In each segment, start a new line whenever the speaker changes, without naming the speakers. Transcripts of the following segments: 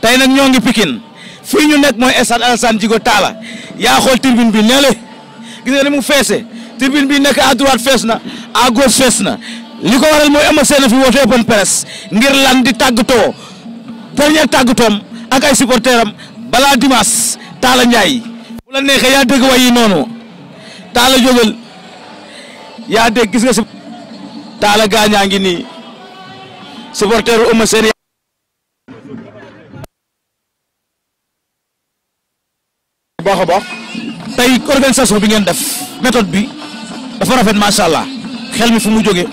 tey nag ñoo ngi Pikine fii ñu nekk mooy stade Alassane Djigo Talla yaa xool tribune bi ne le gis nga ni mu feese tribune bi nekk à droite fees na a gauche fees na li ko waral mooy Eumeu Sène fi woote open press ngir lan di tàggatoo premier tàggatoom ak ay supporteurs am balaa dimanche Talla Ndiaye bu la neexee yaa dégg way noonu Talla jógal yaa dégg gis nga si Talla gaañaa ngi baax a baax. tey organisation bi ngeen def méthode bi dafa rafet macha allah xel mi fu mu jógee.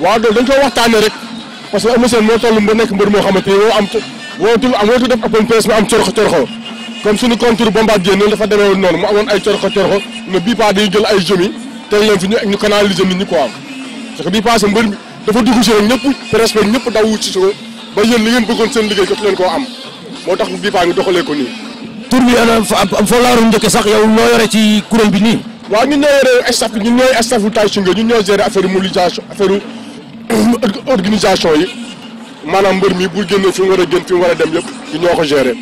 waaw loolu dañ ko waxtaanee rek parce que Eumeu Sène moo toll ba nekk mbër moo xamante ni woo am wootul am wootul def am dafa demee woon noonu mu amoon ay corxo corxo mais bii paa dañuy mbër dafa dugg si rek ñëpp presque ñëpp daw wut si ba yéen li ngeen bëggoon seen liggéey jot leen koo am moo tax bii paa ngi doxalee ko nii. tur bi foo laaroon njëkk sax yow noo yore ci kuréel bi nii. waaw ñun ñoo yore staff bi ñun ñooy staffu Tay Shinger ñun ñoo gérer affaire mobilisation affaire organisation yi a mbër mi bu génnee fi war a génn fi mu war a dem yëpp ñu ñoo ko gérer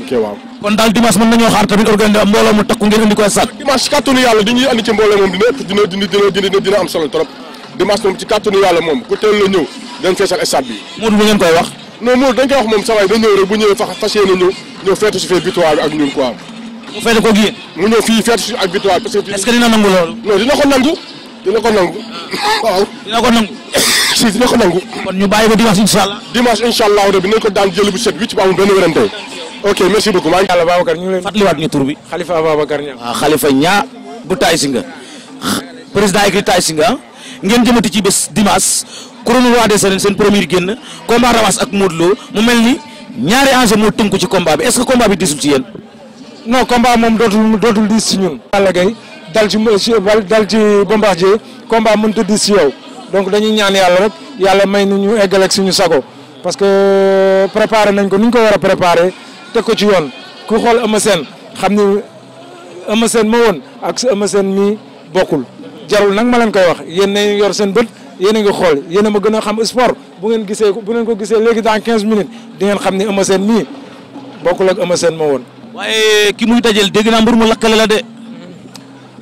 ok waaw. kon daal dimanche mën nañoo xaar tamit organiser mbooloo mu takku ngeen indi ko sax. dimanche kàttanu yàlla di andi ci mbooloo moom dina dina dina am solo trop dimanche moom ci kàttanu yàlla moom ku teel la ñëw dañ feesal stade bi. Modou ngeen koy non loolu dañ wax moom sawaay da ñëw rek bu ñëwee fa fas yéene feetu si fee victoire ak ñun quoi mu feete ko gi mu ñëw fii feetu si ak victoire parce que dina nangu loolu non dina ko nangu dina ko nangu ah. si dina ko nangu ñu bàyyi ba dimanche incha allah dimanche incha allah rabbi nañ ko daan jël bu set wicc ba amul benn werante ok merci beaucoup maa ngi yàlla Babacar ñu ñu tur bi
Khalifa Babacar Niang waaw ah,
Khalifa bu Tay Shinger président écurie Tay Shinger ah. ngeen jëmati ci bés dimanche des arènes seen premier génn combat rawaas ak Modou Lo mu mel ni ñaari enjeu moo tënku ci combat bi est-ce que combat bi disul ci yéen. non combat moom dootul dootul diis ci
ñun. Balla Gaye dal ci dal ci Bombardier combat mënut diis ci yow donc dañuy ñaan yàlla rek yàlla may nu ñu eggaleeg suñu sago parce que euh, préparé nañ ko ni ñu ko war a préparé teg ko ci yoon ku xool Eumeu Sène xam ni Eumeu Sène ma woon ak Eumeu Sène mi bokkul. jarul nag ma leen koy wax yéen nañu yor seen bët yéen a ngi xool yéen a ma gën a xam sport bu ngeen gisee bu ngeen ko gisee léegi dans quinze minutes di ngeen xam ni Eumeu Sène mii bokkul ak Eumeu seen ma woon. waaye ki muy dajeel dégg naa mbir mu lakkale la de.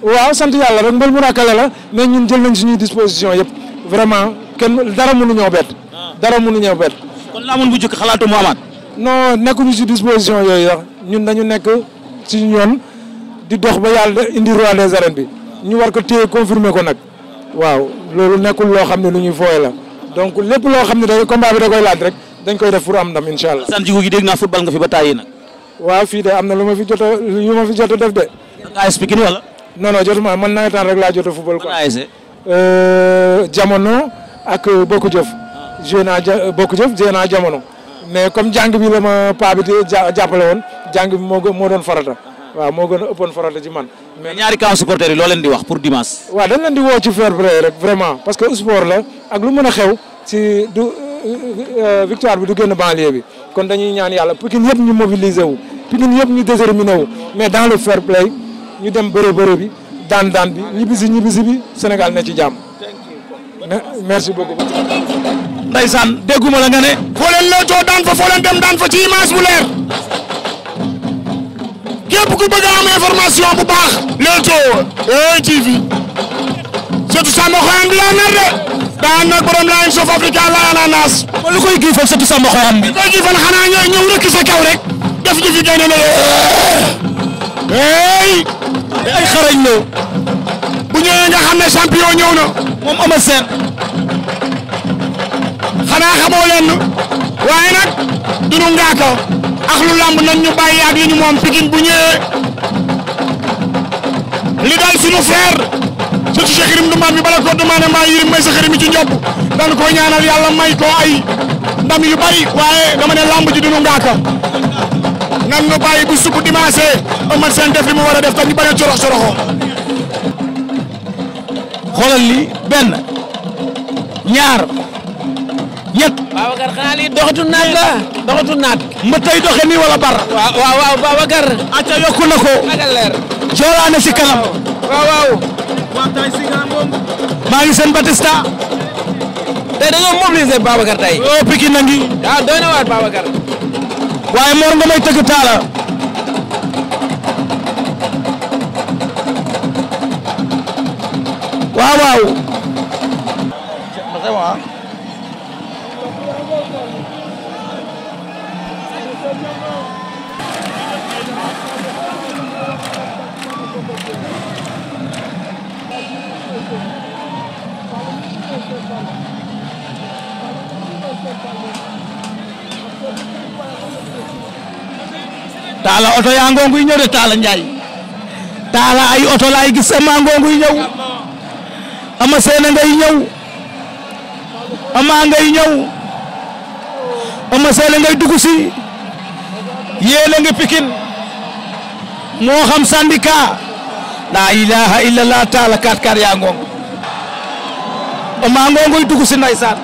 waaw sant yàlla rek mbir mu lakkale la mais ñun jël nañ suñuy disposition yëpp vraiment kenn dara mënu ñëw bett. dara mënu ñëw bett. kon laa amoon bu njëkk xalaatu mu amaat. non nekkuñu si disposition yooyu sax ñun dañu nekk suñu yoon di dox ba yàlla indi roi des bi. ñu war ko téye confirmer ko nag waaw loolu nekkul loo xam ne lu ñuy fooye la donc lépp loo xam ne day combat bi da koy laaj rek dañ koy def pour am ndam incha allah. sant gi dégg naa football nga fi ba tàyyi nag. waaw fii de am na lu ma fi jot a lu ma fi jot def de. nga expliqué wala. non non jotuma man nawetaan rek laa jot a football quoi. Euh, jamono ak bokku jëf. Ah. joué naa ja bokku jëf joué naa jamono. mais comme jàng bi la ma paa bi jàppale woon jàng bi moo moo doon farata. Ah. waaw moo gën a ëppoon farata ci man.
mais ñaari camp supporters yi loo leen wax pour dimanche.
waaw dañ leen di woo ci fair play rek vraiment parce que sport la ak lu mën a xew ci du euh, euh, victoire bi du génn banlieue bi kon dañuy ñaan yàlla Pikine yëpp ñu mobiliser wu Pikine yëpp ñu déterminé wu mais dans le fair play ñu dem bëre bi daan daan bi ñibbisi ñibbisi bi Sénégal ne ci jàmm.
merci beaucoup. Ndeysaan dégguma la nga ne. foo leen lëccoo daan fa foo leen dem daan fa ci image bu leer. képp ku bëgg a am information bu baax. Leewtoo TV surtout Samba Xoyam bi laa nar de daan nag borom laa yëngu South Africa laa ananas. kon lu koy giifal surtout Samba Xoyam bi. li koy xanaa ñëw rëkk sa kaw rek def ñu fi génne ne hey ay xarañ bu ñëwee nga xam ne ñëw na. moom ama xanaa xamoo leen waaye nag dunu ngaaka. axlu lamb nañ ñu bàyyi ak li ñu moom Pikine bu ñëwee li daal suñu frère surtout Cheikh Irim Ndoumba mi bala ko demandé mbaa Yirim may sa xarit mi ci njopp ko ñaanal yàlla may ko ay ndam yu bari waaye dama lamb ji dunu ngaaka nan ñu bu suku dimanche Eumeu Sène def li mu war a def tam ñu bañ a corox coroxo xoolal li benn ñaar ñett doxatul naat. mbët tey waaw waaw Babacar. acca yokku na ko. ak leer. si kanam. maa ngi seen Batista. tey dañoo mobiliser Babacar tey. oo Pikine ah, waaye Mor nga may taala. waaw waaw. taala oto yaa ngonguy ñëw de taala njaay taala ay oto laay gis ama ngonguy ñëw ama seena ngay ñëw ama ngay ñëw ama seena ngay dugg yéen ngi pikin moo xam syndicat la ilaha illallah taala kaat kaat yaa ngoong ëmaa ngoonguy dugg si ndeysaan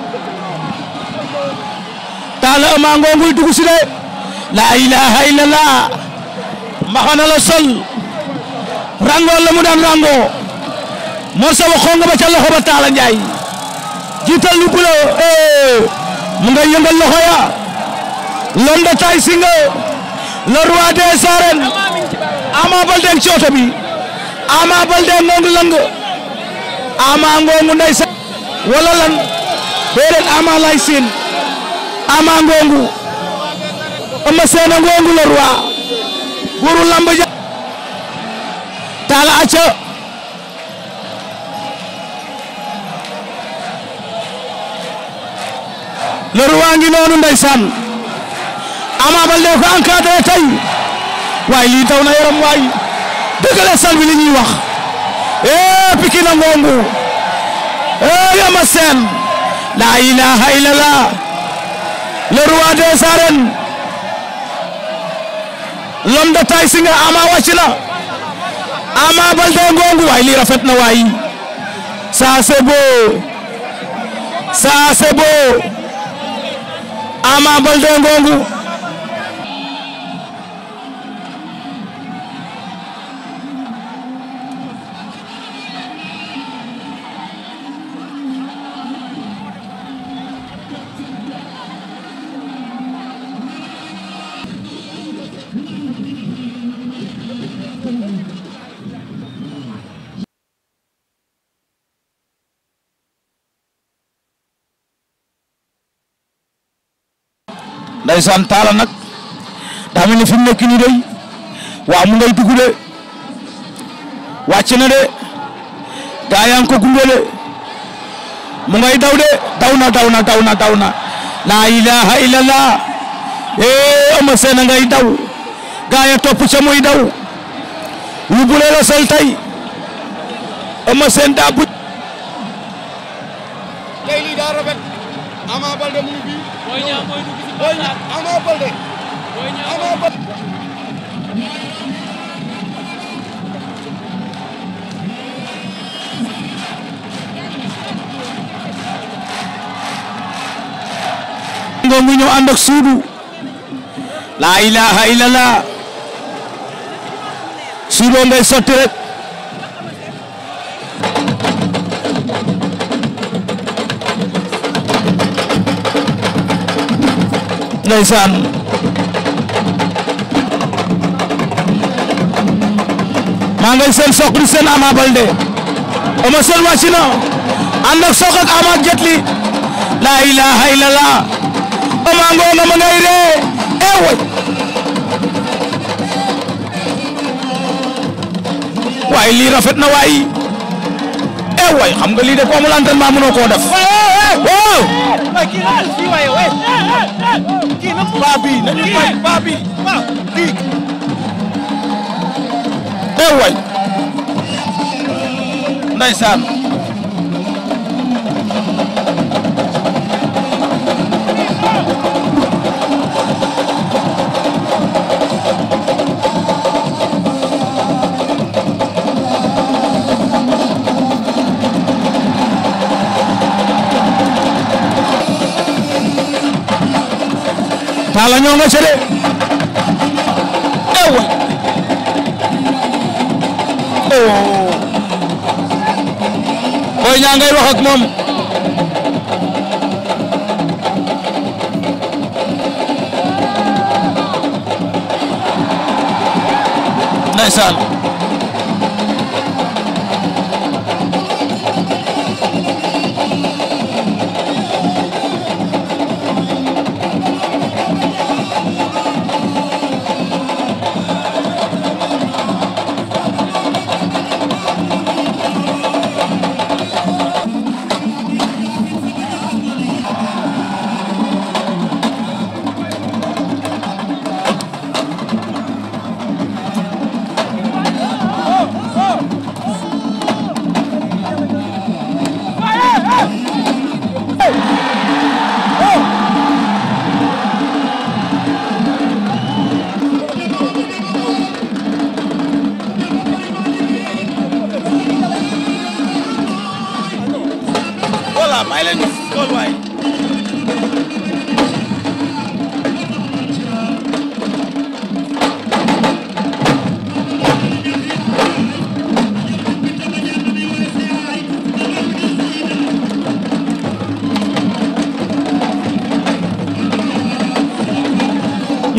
taala ëmaa ngoonguy dugg si de la ilaha illallah maxana la sol rangool la mu daan rangoo mor sa wa xonga ba ca loxo ba taala njaay jiital lu bula eh, mu nga yëngal loxo ya londa tay singa le roi des arènes Ama Baldé ak cooto bi Ama Baldé ngongu lang Ama ngongu ndeysaan wala lan déedéet Ama lay siin Ama ngongu Eumeu Sène ngongu le roi guru lamb aca le ngi noonu ndeysaan Ama Baldé ko encadré tey waaye lii daw na yaram waay dëggale sal bi li ñuy wax eh Pikine ngongu eh Eumeu Sène la ilaha illallah le roi des arènes l'homme de taille si nga na Ama Baldé ngongu waay lii rafet na waay ça c'est beau ça c'est beau Ama ndeysaan taala nag daa mel ni fi mu nekk nii mu ngay dugg de wàcc de gaa yaa de mu ngay daw de daw na daw na daw na daw na laa ilaha illallah ee eh, ama seen a ngay daw gaa ya ca muy daw lu bule la sol seen daa buj Boy Niang Ama Baldé Ama Baldé ngo mu ñëw ànd ak suudu la ilaha illallah suudu ngay sotti rek ndeysaan maa ngay seen soq di seen Ama Baldé Eumeu Sène wàcc na ànd ak soq ak Jetli laa ilaaha illallah Eumeu ngoona ma ngay ree eewe eh waaye lii rafet na waay eewe eh xam nga lii de ko amul entraînement mënoo koo def
paa bii nañu bay
paa bii paa kii. teew waay ndeysaan Talla ñoo nga ca de ewa oh Boy Niang ngay wax ak moom ndeysaan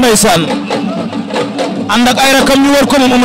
ndeysaan ànd ak ay rakam ñu war ko moom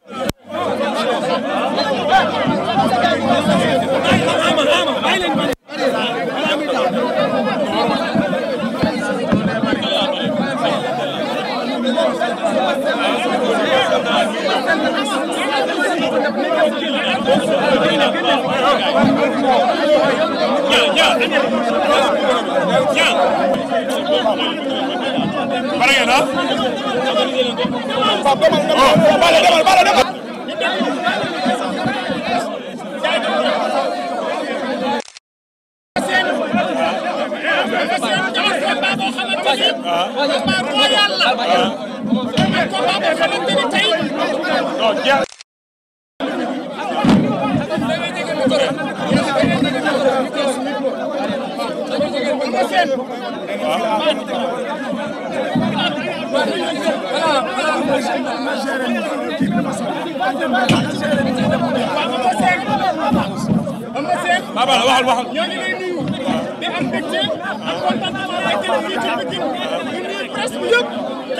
waaw combat boo xamante ni tey
Yëpp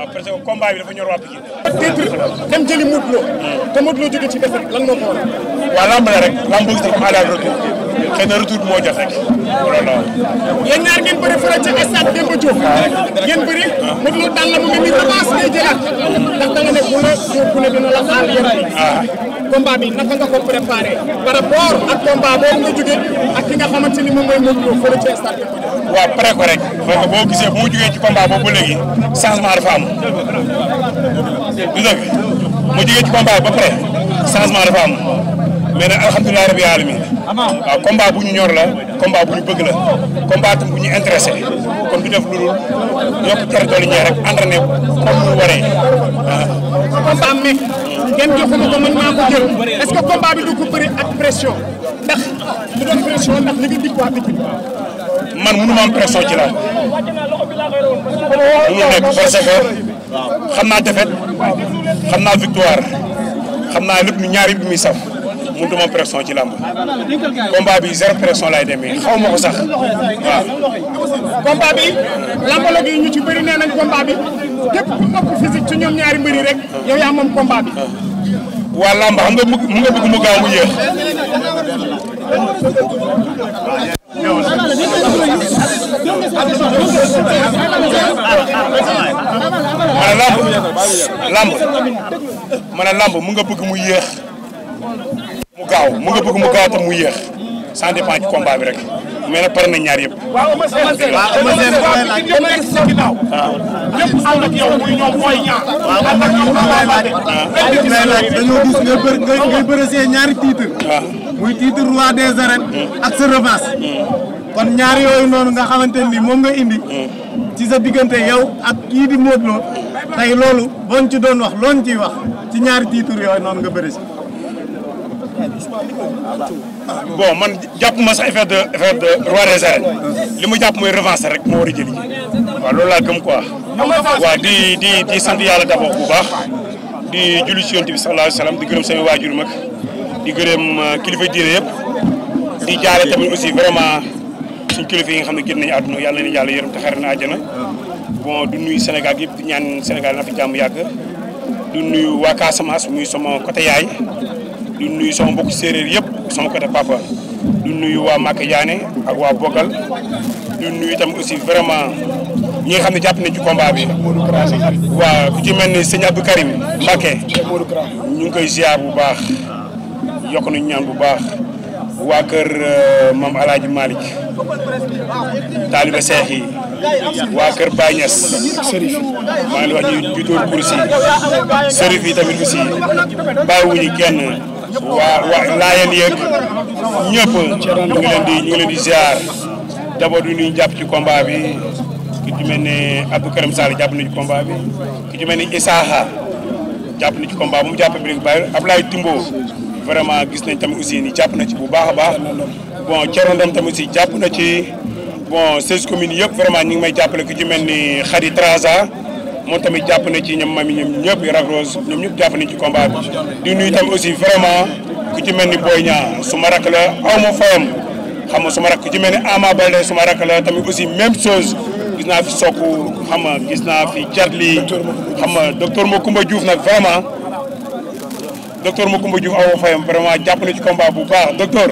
waaw ah, parce que combat bi dafa ñor waa Pikine. titre dem jëli Modou Lo. Hmm. te Modou ci defet lan moo ko waral. waaw lamb rek lamb boobu dafa am à la retour xëy na retour rek loolu ñaar ngeen bëri fële ca stade Demba Diop. ngeen ah. bëri Modou
Lo la mu mel ni revanche lay jëlaat. ndax da nga ne bu la Diop bu ne dina la xaar yéen a. Ah. combat bi naka nga ak combat boobu nga jóge
moom mooy Modou Lo fële ca Demba Diop. waaw pare ko rek parce que boo gisee boo jugee ci combat boobu ba léegi changement dafa am du dëgg mu jugee ci combat ba pare changement dafa am mais nag alhamdulilah rabbi alamin waaw combat bu ñu ñor la combat bu ñu bëgg la combat tam bu ñu intéressé kon du def lu dul yokk jar doole ñee rek entraîné comme mu waree waaw. combat mi ngeen joxuma ko man maa ko jël est-ce que combat bi du ko bëri ak pression ndax du doon pression ndax li nga
dig man mënu ma am pression ci làmb mënul nekk
parce que xam naa défaite xam naa victoire xam naa lépp ñaari bi muy saf mënut ma pression ci làmb combat bi zéro pression lay demee xaw ma ko sax waaw. combat ñu ci bëri nee nañ combat bi képp ku ëpp physique ñaari mbëri rek yow yaa moom combat waa làmb xam nga mu nga bëgg mu gaaw mu yéex. lamb ma ne lamb mu nga bëgg mu yéex mu gaaw mu nga bëgg mu gaaw te mu yéex ça dépend ci combat bi rek mais nag pare na ñaar yëpp. waaw monsieur monsieur ak yow muy laaj. Ah. dañoo gis
ngay bëre ñaari titre. Ah. muy titre roi des arènes. Ah. ak sa revanche. kon ñaar yooyu noonu nga xamante ni moom nga indi. ci sa diggante yow ak kii di
Modou Lo tey loolu boo ci doon wax loo ciy wax ci ñaari titre yooyu noonu nga bëre bon man jàpp ma sa effet de effet de roi des li ma jàpp mooy revanche rek moo war a loolu laa gëm quoi waaw di di di sant yàlla d'abord bu baax di julli ci yonent bi sallallahu alayhi wasallam di gërëm samay waajur mag di gërëm euh, kilifa diine di jaale tamit aussi vraiment suñ kilifa yi nga xam ne génn nañu àdduna yàlla nañu yàlla yërëm te xare na àjjana bon du nuyu Sénégal yëpp di ñaan Sénégal na fi jàmm yàgg du nuyu waa Casamance muy sama côté yaay du nuyu sama mbokk séeréer yëpp sama côté papa du nuyu waa Maka Diané ak waa Bogal du nuyu itam aussi vraiment ñi xam jàpp nañ ci combat bi. waaw ku ci mel ni sëñ Abdou Karim Mbacké ñu ngi koy ziar bu baax yokk nañu ñaan bu baax waa kër euh, maam El Hadj Malick taaliba seex waa kër Baye Niass sërif
maa ngi wax kursi sërif yi tamit aussi
bàyyiwuñu kenn. waa waa laayeen yeeg ñëpp ñu ngi leen di ñu ngi du ñu jàpp ci combat bi ki ci mel ne Abdou Karim Sall jàpp na ci combat bi ki ci mel ne Isaaha jàpp na ci combat mu jàpp bi rek bàyyi Ablaye Timbo vraiment gis nañ tamit aussi ni jàpp na ci bu baax a baax bon Thierno Ndom tamit aussi jàpp na ci bon seize commune yëpp vraiment ñu ngi may jàppale ki ci mel ni Khady Traza moom tamit jàpp na ci ñoom mami ñoom ñëpp Lac Rose ñoom ñëpp jàpp nañ ci combat bi. di nuyu tam aussi vraiment ku ci ni Boy Niang su ma rakk la aw ma fayam xam nga su rakk ku ci mel ni Ama Baldé su ma tamit aussi même chose gis naa fi Sokku xam gis naa fi Jarli xam ma docteur Macoumba Diouf nag vraiment docteur Macoumba Diouf aw ma fayam vraiment jàpp na ci bu baax docteur.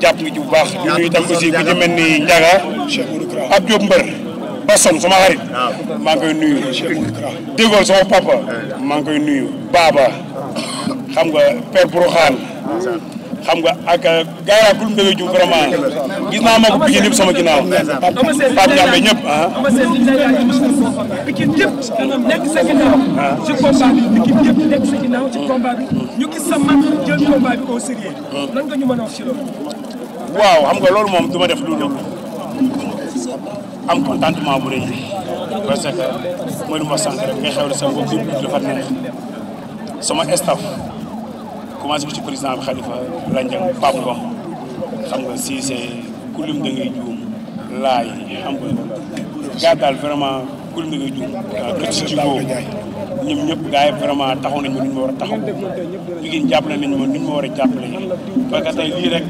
jàpp na ci bu baax di nuyu tam aussi ku ci mel ni Ndiaga Abdou Diop Mbër. Basson sama xarit. maa ngi koy nuyu. Dégol sama papa. maa ngi koy nuyu. Baba xam nga Père Bourkhane. xam nga ak euh, gars yi ak kulum dëgg ju vraiment gis naa ma ko Pikine ñëpp sama ginnaaw. Pape a wax ci loolu.
waaw xam nga loolu
moom du ma def lu am contentement bu rëy parce que mooy lu ma sant rek ngay xewle sa mbokk yëpp dafa neex sama staff commencé ko ci président bi Khalifa Randiang Pape xam nga si c'est kulim da ngay juum xam nga gars daal vraiment kulim da ngay juum kër si ñëpp gars yi vraiment taxaw nañ ma nu ñu ma war a taxaw Pikine jàppale nañ ma nu ñu ma war a jàppale parce que tey lii rek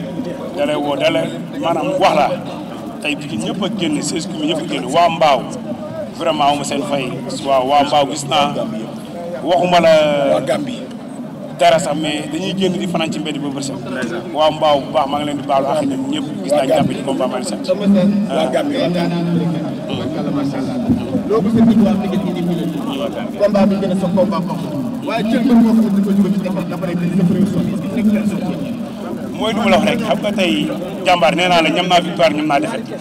da lay woo da lay maanaam wax la tey Pikine ñëpp a génn seize communes a génn waa Mbaaw vraiment amu seen fay waa Mbaaw gis naa waxuma la dara sax mais dañuy génn di fanaan ci mbedd ba bërsëg waaw mbaaw bu baax maa ngi leen di baalu ak ñoom ñëpp gis naa jàpp ci
bi gën a sa combat waaye
mooy lu ma la wax rek xam nga tey jàmbaar nee naa la ñam naa victoire ñam naa défaite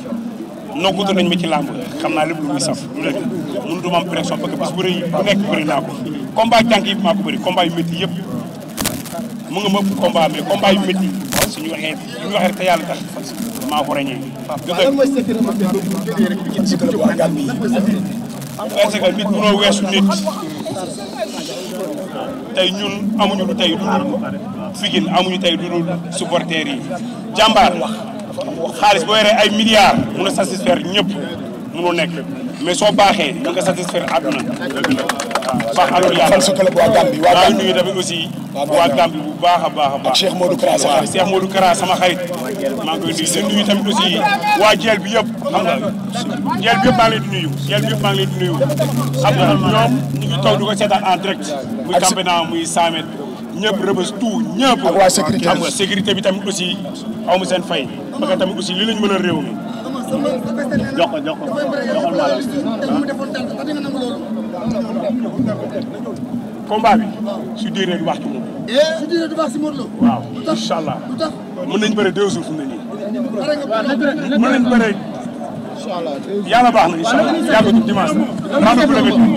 nokkutu nañ ma ci làmb xam naa lépp lu muy saf lu nekk mënu duma am pression parce que bés bu rëy bu nekk bëri naa ko combat tànk yi maa ko bëri combat yu yëpp mu nga ma ëpp combat mais combat yu waxee suñu waxee te maa ko ràññee parce que nit munoo weesu nit tey ñun amuñu lu tey lu Pikine amuñu tey lu dul supporters yi jàmbaar xaalis boo yoree ay milliards mun a satisfaire ñëpp munul nekk mais soo baaxee mun nga satisfaire àdduna baax alors yàlla maa ngi nuyu tamit aussi waa Gambie bu baax a baax a baax Cheikh Modou Kara sama xarit Cheikh Modou Kara sama xarit maa ngi koy nuyu di nuyu tamit aussi waa jeel bi yëpp xam leen di nuyu jeel bi yëpp maa ngi leen ñu ngi toog seetaan en direct muy campé muy 100 ñëpp rëbës tout ñëpp. ak waa sécurité xam nga sécurité bi tamit aussi aw ma seen fay. parce que tamit aussi li lañ mën a réew mi. jox ko jox ko joxal maa la. combat bi su diiree du baax ci
su diiree du baax si Modou Lo.
waaw incha allah mën nañ bëre deux jours fu mu
nañ bëre. yàlla baax na incha allah yàlla du dimanche la. maa ngi bëgg a dund.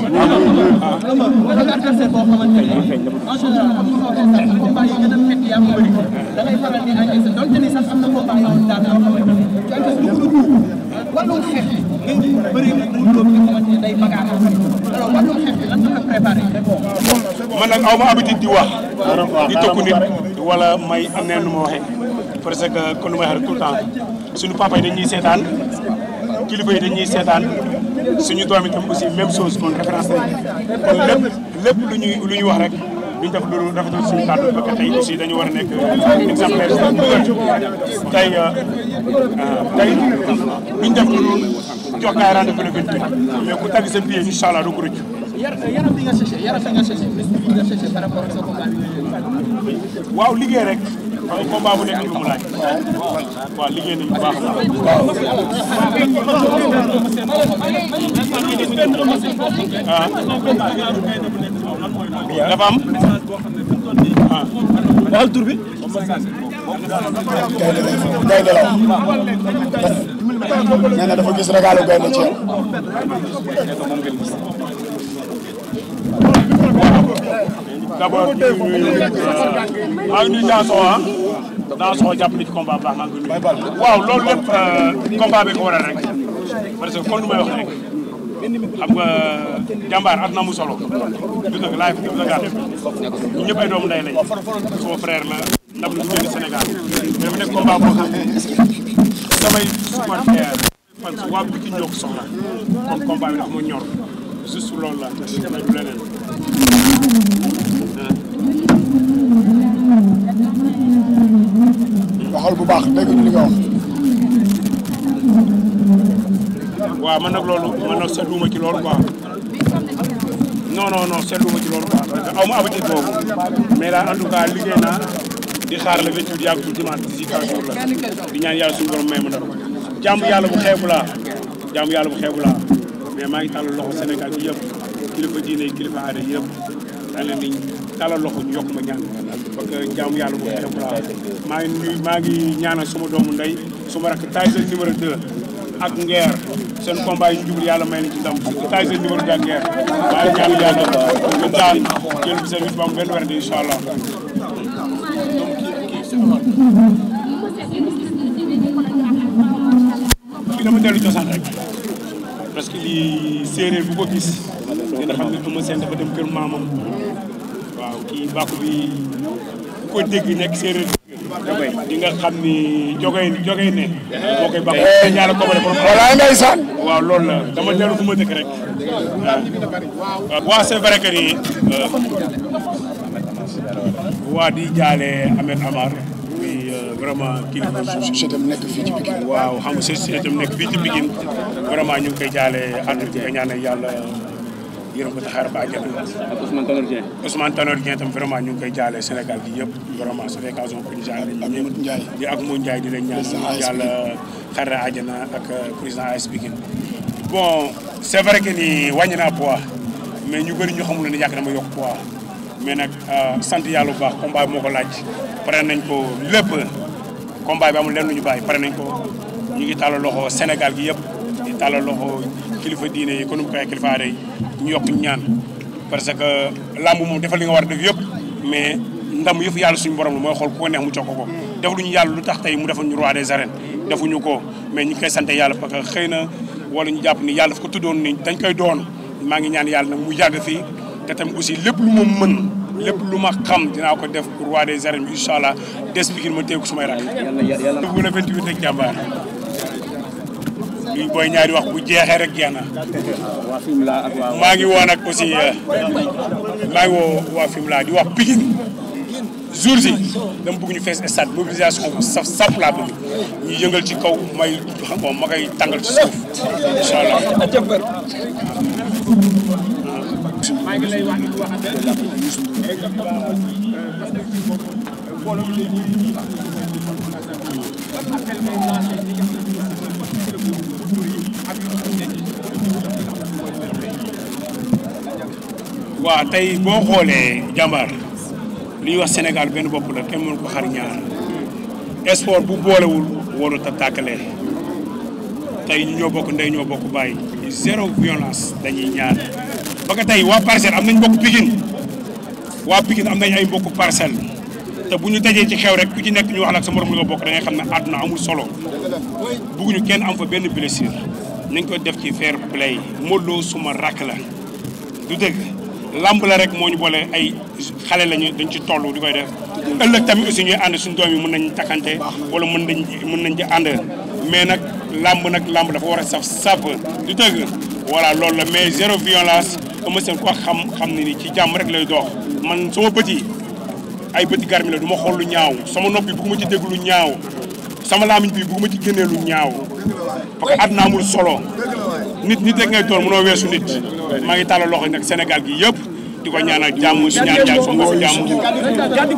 man nag aw ma habitude di wax. di tokku nit wala may am na nu ma waxee. parce que kon lu may wax tout le temps suñu papa yi dañuy seetaan. kilifa yi dañuy seetaan suñu ñu itam aussi même chose kon référence lañ kon lépp lépp lu ñuy lu ñuy wax rek duñ def lu rafetal suñu kàddu ba tey aussi dañu war a nekk exemplaire tey euh, euh, tey duñ def lu jox gaay rendez-vous le 28 mais ku tagg sa billet incha allah du ko waaw liggéey rek waaw combat bu nekk lu mu laaj. waaw liggéey nañu bu baax a baax. ah. dafa am. ah. waxal tur bi.
gaynde la nee na dafa gis regalu gaynde ci yow.
d'abord di nuyu maa ngi euh, nuyu Ndiassou ah Ndiassou jàpp na ci combat baax maa ngi nuyu. waaw loolu lépp euh, combat bi ko waral rek parce que kon lu may wax rek xam nga jàmbaar at na mu solo. du nag laay fi du nag ñun ñëpp ay doomu ndey lañ. sama frère la ndam lu jëli Sénégal dafa nekk combat boo xam ne damay supporter fan waa Pikine soxla kon combat bi dafa ma ñor. juste loolu la te dama du leneen bu baax dégg ñu li nga wax waaw man nag loolu man nag seetlu ma ci loolu quoi non non non seetlu ma ci loolu quoi parce ma habitude boobu mais daal en tout naa di xaar le vingt-huit yàggul dimanche d'ici quinze la di ñaan yàlla suñu borom may ma ndar jàmm yàlla bu xeebu laa jàmm yàlla bu xeebu laa mais maa ngi tàllal loxo Sénégal gi kilifa diine yi kilifa aada yëpp da leen di loxo ñu yokk ma ñaan parce que jaamu yàlla boobu def maa ngi nuyu maa ngi ñaanal suma doomu ndey suma rakk Tyson numéro 2 ñu jublu yàlla may na ci ndam ngi ñaan yàlla ñu daan jël bi seen parce que lii séeréer bu ko gis dina xam ne Eumeu Sène dafa dem kër maamam waaw kii bàkku bi ko dégg nekk séeréer di nga xam ni jogay jogay ne moo koy bàkku eh. ñaara kobale borom waaw loolu dama dellu fu dëkk rek waaw waaw c'est euh, waa di jaale Ahmed Amar vraiment kii société am nekk fii nekk fii ci vraiment ñu ngi jaale àdduna bi nga ñaanal yàlla yërëm ko taxaar ba àjjana ak Ousmane Tanor Dieng Ousmane Tanor Dieng tam vraiment ñu ngi koy jaale Sénégal gi yëpp vraiment c'est l'occasion pour ñu jaale di ak Moune Ndiaye di leen ñaan yàlla xarra àjjana ak président a Pikine bon c'est vrai que ni ñu bëri ñu xamul ne yàgg ma yokk poids mais nag euh, sant yàlla bu baax combat moo ko laaj pare nañ ko lépp combat bi amul lenn lu ñu bàyyi pare nañ ko ñu ngi tàllal loxo Sénégal gi yëpp di tàllal loxo kilifa diine yi kon kay kilifa aada yi ñu yokk ñaan parce que làmb moom defal li nga war a def yëpp mais ndam yëpp yàlla suñu borom mooy xool ku ko mu jox ko ko defaluñu yàlla lu tax tey mu defal ñu roi des arènes defuñu ko mais ñu ngi koy sant yàlla parce que xëy na wala ñu jàpp ni yàlla daf ko tuddoon ni dañ koy doon maa ngi ñaan yàlla na mu yàgg fii te tamit aussi lépp lu moom mën lépp lu ma xam dinaa ko def pour waa des arènes incha allah des Pikine ma téye ko sumay rakk. yàlla yàlla bu la 28 rek booy ñaari wax bu jeexee rek jeex na. maa ngi woo nag aussi euh, maa ngi woo di wax Pikine jour si dama bëgg ñu fees stade mobilisation bu saf saf laa bëgg ñu yëngal ci kaw may xam ma koy tàngal ci suuf incha maa tey boo xoolee jàmbaar li wax Sénégal benn bopp la kenn mënu ko xar bu boolewul warut a tey ñu ñoo bokk ndey ñoo bokk bàyyi zéro violence dañuy ñaar ba nga tey waa parcelle am nañ mbokk Pikine waa Pikine am nañ ay mbokk parcel te bu ñu dajee ci xew rek ku ci nekk ñu wax la ak sa bokk da xam ne àdduna amul solo bugguñu kenn am fa benn blessure nañ ko def ci fair play Modou Lo suma rakk la du dëgg lamb la rek moo ñu boole ay xale lañu dañ ci toll di koy def ëllëg tamit aussi ñuy ànd suñu doom yi mën nañ takkante wala mën nañ mën nañ ci ànd mais nag làmb nag lamb dafa war a saf saf du dëgg voilà loolu la mais zéro violence Eumeu Sène ku wax xam xam ne ni ci jàmm rek lay dox man sama bët ay bëti garmi la du ma xool lu ñaaw sama nopp bi bëgguma ci dégg lu ñaaw sama laamiñ bi bëgguma ci génnee lu ñaaw parce que àddina amul solo nit nit rek ngay doon mënoo weesu nit maa ngi tàllal loxo nag Sénégal gi yëpp di ko ñaanal jàmm su ñaan jàmm su mu jàmm